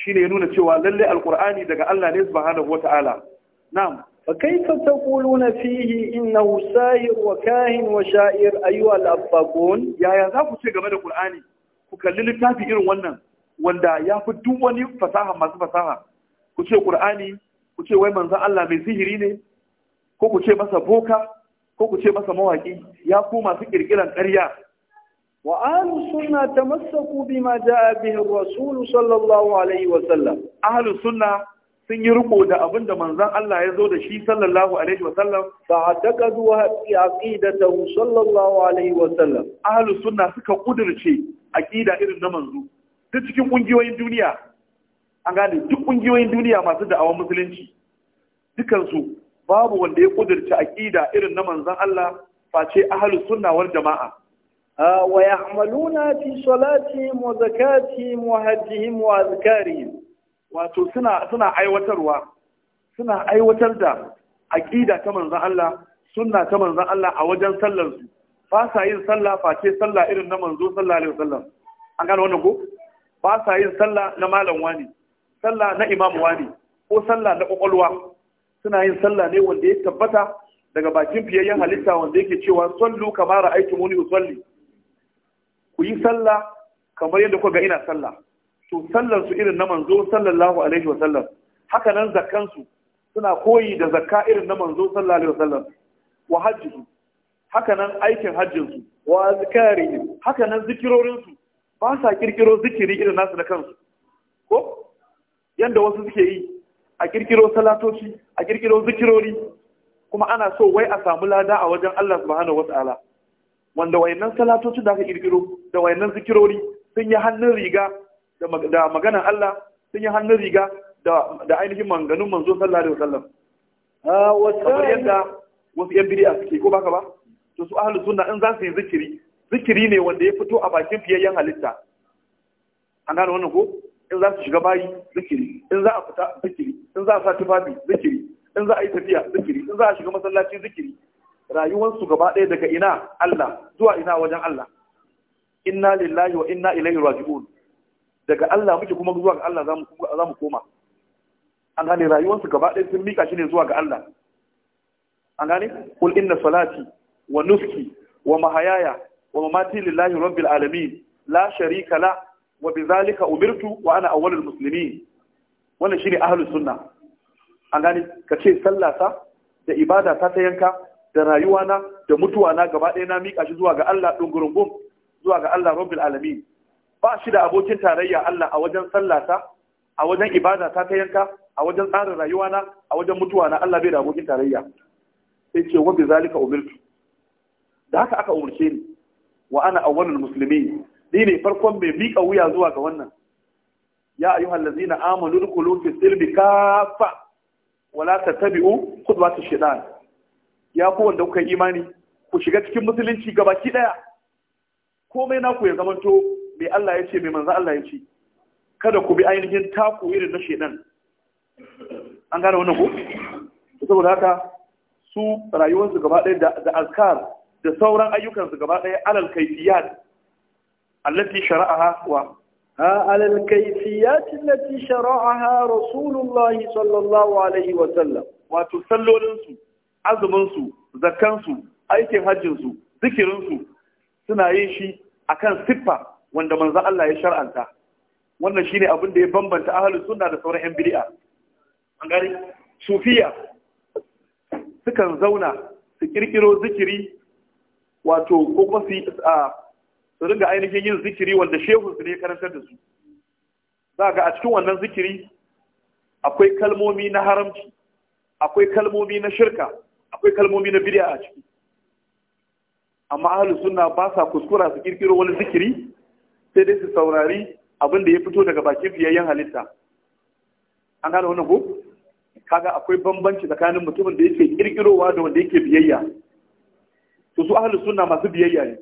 shine ya nuna cewa lalle alkur'ani daga Allah ne subhanahu wata'ala na'am فكيف تقولون فيه إنه ساهر وكاهن وشائر أيها الأفاقون يا يا ذاك شيء قبل القرآن وكلل الكافي إيرون wannan wanda ya fi duk wani fasaha masu fasaha ku ce ƙur'ani ku ce wai manzan Allah mai sihiri ne ko ku ce masa boka ko ku ce masa mawaƙi ya ku masu ƙirƙirar ƙarya wa ahlus sunna tamassaku bima jaa bihi ar-rasul sallallahu alaihi wa sallam sunna sun yi riko da abin da manzon Allah ya zo da shi sallallahu alaihi wa sallam fa haddaka zuwa aqidatahu sallallahu alaihi wa sallam ahlus sunna suka kudirce aqida irin na manzo duk cikin kungiyoyin duniya an gane duk kungiyoyin duniya masu da'awar musulunci dukansu babu wanda ya kudirce aqida irin na manzon Allah face ahlus sunna wal jama'a wa ya'maluna fi salatihim wa zakatihim wa hajjihim wa azkarihim wato suna suna aiwatarwa suna aiwatar da aqida ta manzon Allah sunna ta manzon Allah a wajen sallar su ba sa yin sallah face sallah irin na manzo sallallahu alaihi wasallam an gano wannan ko ba sa yin sallah na malam wani sallah na imam wani ko sallah na kokolwa suna yin sallah ne wanda ya tabbata daga bakin fiyayyen halitta wanda yake cewa sallu kamar ra'aytumuni usalli ku yi sallah kamar yadda kuka ga ina sallah to sallar su irin na manzo sallallahu alaihi wa sallam haka nan zakkan su suna koyi da zakka irin na manzo sallallahu alaihi wa sallam wa hajji su haka nan aikin hajjin su wa zikari haka nan zikirorin su ba sa kirkiro zikiri irin nasu na kansu ko yanda wasu suke yi a kirkiro salatoci a kirkiro zikirori kuma ana so wai a samu lada a wajen Allah subhanahu ta'ala wanda wayannan salatoci da aka kirkiro da wayannan zikirori sun yi hannun riga da maganar Allah sun yi hannun riga da ainihin manganun manzo sallallahu alaihi wasallam kamar yadda wasu yan bid'a suke ko baka ba to su ahlus sunna in za su yi zikiri zikiri ne wanda ya fito a bakin fiyayyen halitta an gane wannan ko in za su shiga bayi zikiri in za a fita zikiri in za a sa tufafi zikiri in za a yi tafiya zikiri in za a shiga masallaci zikiri rayuwarsu gaba ɗaya daga ina Allah zuwa ina wajen Allah inna lillahi wa inna ilaihi raji'un daga Allah muke kuma zuwa ga Allah za mu koma an gane rayuwarsu gaba ɗaya sun mika shi ne zuwa ga Allah an gane kul inna salati wa nuski wa mahayaya wa mamati lillahi rabbil alamin la sharika la wa bizalika umirtu wa ana awwalul muslimin wannan shine ahlus sunna an gane ka ce sallata da ibada ta ta yanka da rayuwana da mutuwana gaba ɗaya na mika shi zuwa ga Allah dungurungum zuwa ga Allah rabbil alamin ba shi da abokin tarayya Allah a wajen sallata a wajen ibada ta ta yanka a wajen tsarin rayuwa na a wajen mutuwa na Allah bai da abokin tarayya sai ce wa bi zalika umirtu da haka aka umurce ni wa ana awwalul muslimin ni ne farkon mai miƙa wuya zuwa ga wannan ya ayyuhal ladzina amanu dkhulu fi silbi kafa wala tattabi'u khudwatish shaitan ya ku wanda kuka imani ku shiga cikin musulunci gabaki daya komai naku ya zamanto mai Allah ya ce mai manzo Allah ya ce kada ku bi ainihin taku irin na shedan an gane wannan ko saboda haka su rayuwarsu gaba ɗaya da azkar da sauran ayyukansu gaba ɗaya alal kaifiyat allati shara'aha wa على الكيفيات التي شرعها رسول الله صلى الله عليه Wato وتسللنسو azuminsu zakansu aikin hajjinsu zikirinsu suna yin shi akan siffa wanda manzan Allah ya shar'anta wannan shine abin da ya bambanta halin sunna da sauran yan bid'a an gani sufiya sukan zauna su kirkiro zikiri wato ko kuma su su ringa ainihin yin zikiri wanda shehu su ne karantar da su za ga a cikin wannan zikiri akwai kalmomi na haramci akwai kalmomi na shirka akwai kalmomi na bid'a a ciki amma ahlus sunna ba sa kuskura su kirkiro wani zikiri sai dai su saurari abin da ya fito daga bakin fiyayyen halitta an gane wannan ko kaga akwai bambanci tsakanin mutumin da yake kirkirowa da wanda yake biyayya to su ahlus sunna masu biyayya ne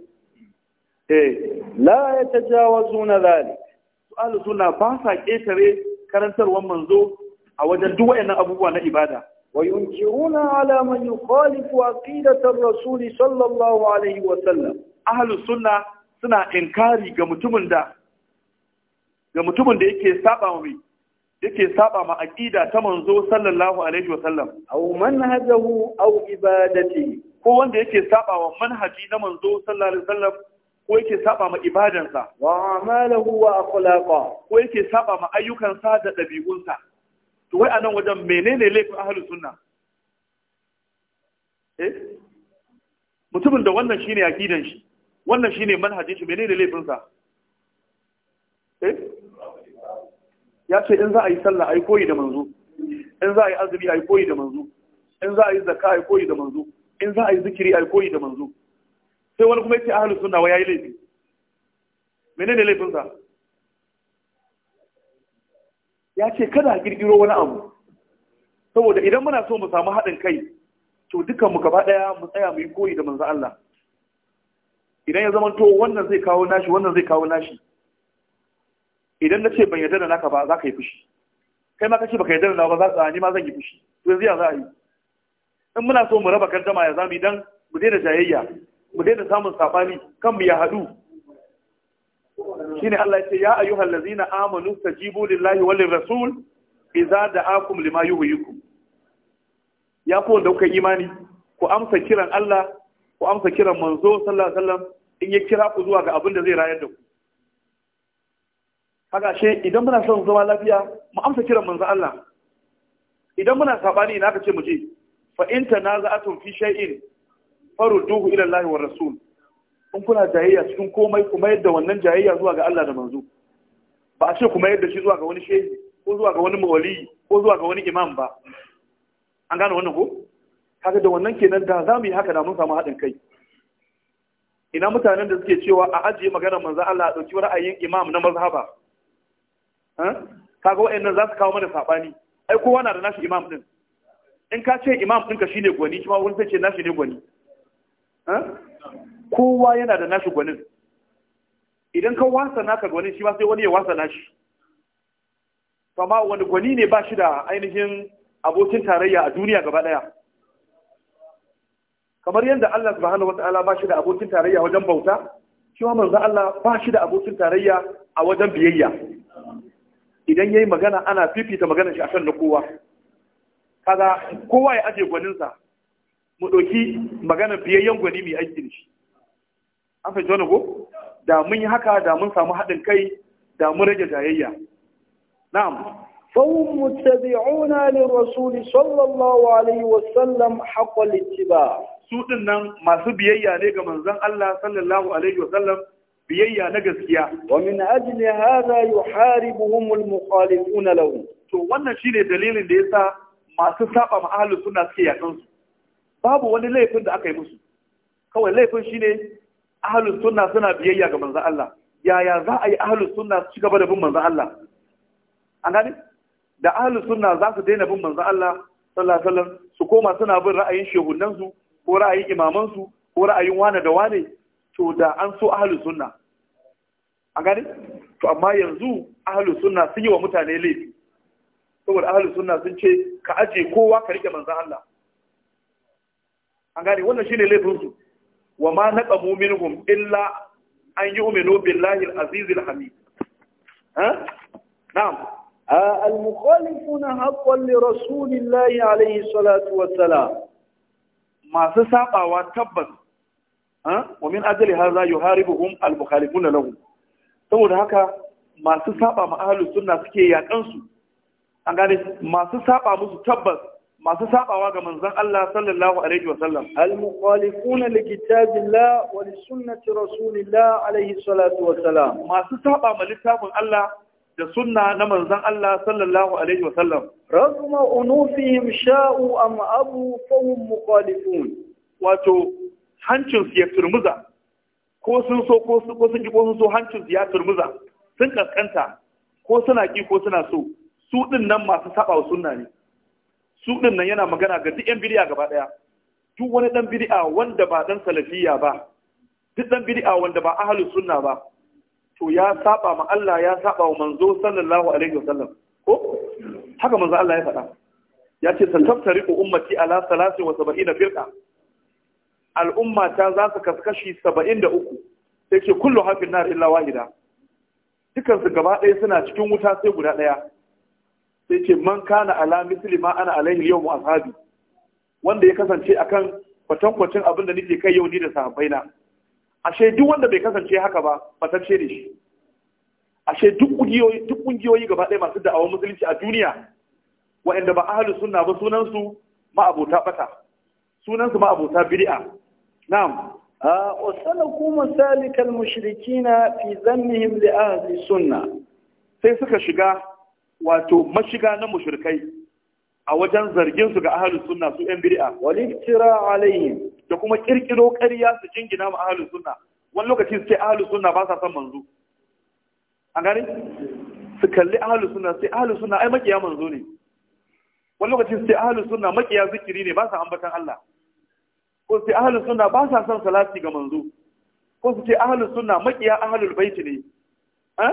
eh la yatajawazuna zalik su ahlus sunna ba sa ketare karantarwar manzo a wajen duk wayannan abubuwa na ibada وينكرون على من يخالف عقيدة الرسول sallallahu الله wa sallam. suna inkari ga mutumin da ga mutumin da yake saba wa yake saba ma aqida ta manzo sallallahu alaihi wa sallam aw manhajahu aw ibadati ko wanda yake saba wa manhaji na manzo sallallahu alaihi wa sallam ko yake saba ma ibadansa wa amalahu wa akhlaqa ko yake saba ma ayyukansa da dabi'unsa to wai anan wajen menene laifin ahlus sunna eh mutumin da wannan shine aqidan shi wannan shine manhajin shi menene laifin sa eh ya ce in za a yi sallah ai koyi da manzo in za a yi azumi ai koyi da manzo in za a yi zakka ai koyi da manzo in za a yi zikiri ai koyi da manzo sai wani kuma yace ahlus sunna wa yayi laifi menene laifin sa ya ce kada a kirkiro wani abu saboda idan muna so mu samu haɗin kai to dukkan mu gaba ɗaya mu tsaya mu yi koyi da manzo Allah idan ya zama to wannan zai kawo nashi wannan zai kawo nashi idan na ce ban yarda da naka ba za ka yi fushi kai ma ka ce baka yarda da na ba za ka ni ma zan yi fushi to yanzu ya za a yi in muna so mu raba gardama ya zamu idan mu daina jayayya mu daina samun sabani kan mu ya haɗu shine Allah ya ce ya ayyuhal ladzina amanu tajibu lillahi wal rasul idza da'akum lima yuhyikum ya ku da kuka imani ku amsa kiran Allah ku amsa kiran manzo sallallahu alaihi wasallam in ya kira ku zuwa ga abin da zai rayar da ku haka shi idan muna son zama lafiya mu amsa kiran manzo Allah idan muna sabani ina ka ce mu je fa in tanaza'atum fi shay'in farudduhu ila Allah wa rasul in kuna jayayya cikin komai kuma yadda wannan jayayya zuwa ga Allah da manzo ba a ce kuma yadda shi zuwa ga wani shehi ko zuwa ga wani mawali ko zuwa ga wani imam ba an gane wannan ko kaga da wannan kenan da za mu yi haka da mun samu haɗin kai ina mutanen da suke cewa a ajiye maganar manzo Allah a ɗauki ra'ayin imam na mazhaba kaga wa'annan za su kawo mana saɓani ai kowa na da nashi imam ɗin in ka ce imam ɗinka shine gwani kuma wani sai ce nashi ne gwani kowa yana da nashi gwanin idan ka wasa naka gwanin shi ma sai wani ya wasa nashi amma wani gwani ne ba shi da ainihin abokin tarayya a duniya gaba ɗaya kamar yadda Allah subhanahu wata'ala ba shi da abokin tarayya wajen bauta shi ma manzo Allah ba shi da abokin tarayya a wajen biyayya idan yayi magana ana fifita maganar shi akan na kowa kaga kowa ya aje gwaninsa mu ɗauki maganar biyayyen gwani mai aiki shi an fa jona ko da mun yi haka da mun samu haɗin kai da mun rage jayayya na'am فهم متبعون للرسول صلى الله عليه وسلم حق الاتباع su din nan masu biyayya ne ga manzon Allah sallallahu alaihi wasallam biyayya na gaskiya wa min ajli hadha yuharibuhum almuqalifuna mukhalifuna to wannan shine dalilin da yasa masu saba ma ahlus sunna suke yakan su babu wani laifin da aka yi musu kawai laifin shine ahlus sunna suna biyayya ga manzon Allah yaya za a yi ahlus sunna su cigaba da bin manzon Allah an gane da ahlus sunna za su daina bin manzon Allah sallallahu alaihi wasallam su koma suna bin ra'ayin shehunansu ko ra'ayin imamansu ko ra'ayin wane da wane to da an so ahalus sunna a gane to amma yanzu ahalus sunna sun yi wa mutane laifi saboda ahalus sunna sun ce ka aje kowa ka rike manzan Allah an gane wannan shine laifin su wa ma naqamu minhum illa an yu'minu billahi al-aziz al-hamid ha na'am المخالفون حقا لرسول الله عليه الصلاة والسلام masu sabawa tabbas wa min ajali haza yuharibuhum al-mukhalifuna lahu saboda haka masu saba ma ahlus sunna suke yakan su an gane masu saba musu tabbas masu sabawa ga manzon Allah sallallahu alaihi wasallam al-mukhalifuna li kitabillah wa li sunnati rasulillah alaihi salatu wasalam masu saba ma littafin Allah da sunna na manzon Allah sallallahu alaihi wasallam. sallam unufihim sha'u a abu fahum mukhalifun wato hancin ya turmuza ko sun so ko sun ji ko sun so hancin ya turmuza sun kaskanta ko suna ki ko suna so su ɗin nan masu saba wa sunna ne su ɗin nan yana magana ga duk yan bid'a gaba ɗaya. duk wani ɗan bid'a wanda ba ɗan salafiya ba duk ɗan bid'a wanda ba ahalin sunna ba to ya saba ma Allah ya saba wa manzo sallallahu alaihi wasallam ko haka manzo Allah ya faɗa ya ce santaftariqu ummati ala 73 firqa al'umma ta za su kaskashi 73 sai ce kullu hafin nar illa wahida dukan su gaba ɗaya suna cikin wuta sai guda ɗaya sai ce man kana ala misli ma ana alaihi yawmu ashabi wanda ya kasance akan kwatankwacin abin da nake kai yau ni da sahabbaina ashe duk wanda bai kasance haka ba matacce ne shi ashe duk kungiyoyi duk kungiyoyi gaba ɗaya masu da'awar musulunci a duniya wa'anda ba ahlus sunna ba sunan su ma'abota bata sunan su abota bid'a na'am wasalaku masalikal mushrikina fi zannihim li ahli sunna sai suka shiga wato mashiga na mushrikai a wajen zargin su ga ahlus sunna su yan bid'a wal iftira alaihim da kuma kirkiro ƙarya su jingina ma ahlus sunna wani lokaci su ce ahlus sunna ba sa son manzo an gane su kalli ahlus sunna sai ahlus sunna ai makiya manzo ne wani lokaci su ce ahlus sunna makiya zikiri ne ba sa ambatan Allah ko su ce ahlus sunna ba sa son salati ga manzo ko su ce ahlus sunna makiya ahlul bait ne eh?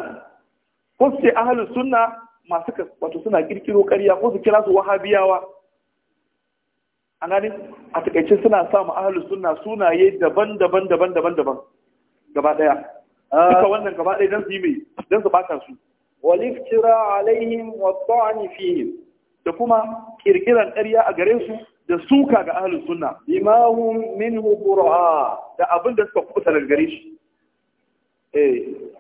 ko su ce ahlus sunna masu wato suna kirkiro ƙarya ko su kira su wahabiyawa an gane a takaice suna sa mu suna sunna sunaye daban-daban daban-daban daban gaba daya duka wannan gaba daya dan su yi mai dan su baka su waliftira alaihim wa ta'ani fihim da kuma kirkiran ƙarya a gare su da suka ga ahlu sunna bima hum minhu qur'a da abin da suka kusa daga gare shi eh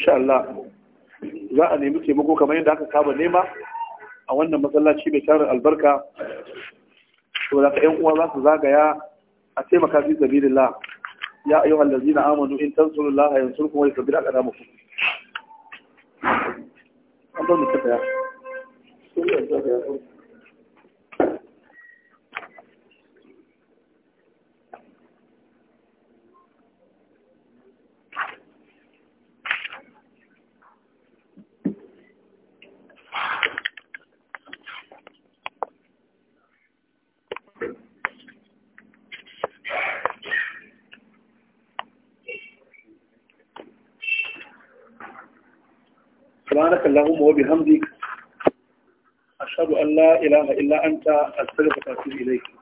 insha Allah za a nemi taimako kamar yadda aka saba nema a wannan masallaci mai tarin albarka to da ka yan uwa za su zagaya a taimaka fi sabilillah ya ayyuhal na amanu in tansurullaha yansurkum wa yusabbit aqdamakum an a mu subhanaka allahumma wa ashadu ashhadu an la ilaha illa anta astaghfiruka wa atubu